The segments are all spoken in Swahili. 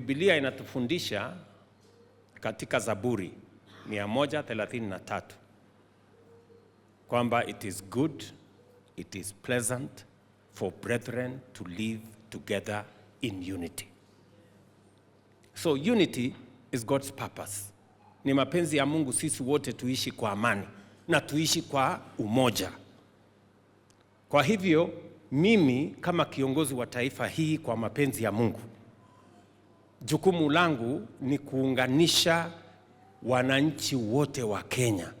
Biblia inatufundisha katika Zaburi 133 kwamba it is good it is pleasant for brethren to live together in unity. So unity is God's purpose. Ni mapenzi ya Mungu sisi wote tuishi kwa amani na tuishi kwa umoja. Kwa hivyo mimi kama kiongozi wa taifa hii kwa mapenzi ya Mungu jukumu langu ni kuunganisha wananchi wote wa Kenya,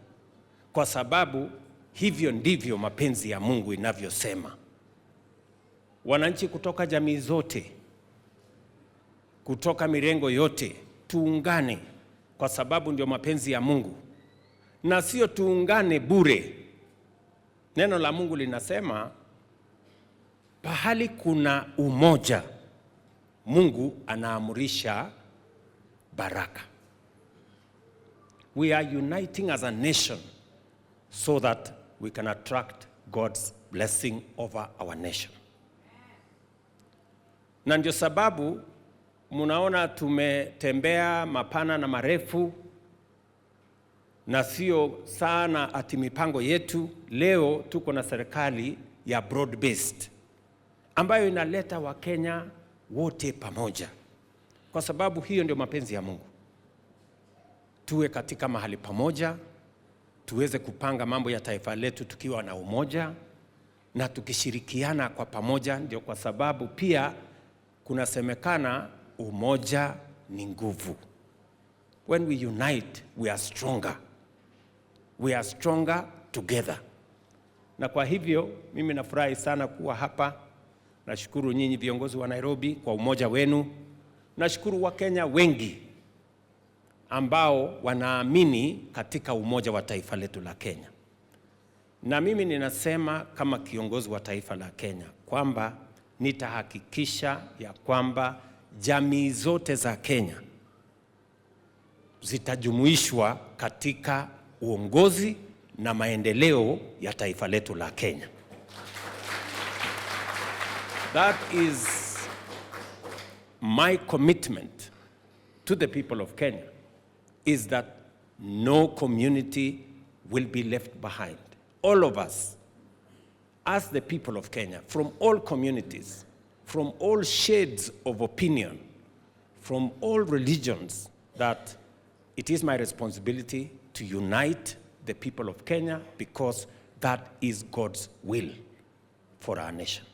kwa sababu hivyo ndivyo mapenzi ya Mungu inavyosema. Wananchi kutoka jamii zote, kutoka mirengo yote, tuungane kwa sababu ndio mapenzi ya Mungu, na sio tuungane bure. Neno la Mungu linasema pahali kuna umoja Mungu anaamurisha baraka. We are uniting as a nation so that we can attract God's blessing over our nation. Na ndio sababu munaona tumetembea mapana na marefu na sio sana ati mipango yetu. Leo tuko na serikali ya broad based ambayo inaleta Wakenya wote pamoja, kwa sababu hiyo ndio mapenzi ya Mungu, tuwe katika mahali pamoja, tuweze kupanga mambo ya taifa letu tukiwa na umoja na tukishirikiana kwa pamoja. Ndio kwa sababu pia kunasemekana umoja ni nguvu. When we unite we are stronger, we are stronger together. Na kwa hivyo mimi nafurahi sana kuwa hapa Nashukuru nyinyi viongozi wa Nairobi kwa umoja wenu. Nashukuru Wakenya wengi ambao wanaamini katika umoja wa taifa letu la Kenya, na mimi ninasema kama kiongozi wa taifa la Kenya kwamba nitahakikisha ya kwamba jamii zote za Kenya zitajumuishwa katika uongozi na maendeleo ya taifa letu la Kenya. That is my commitment to the people of Kenya is that no community will be left behind. All of us, as the people of Kenya, from all communities, from all shades of opinion, from all religions, that it is my responsibility to unite the people of Kenya because that is God's will for our nation.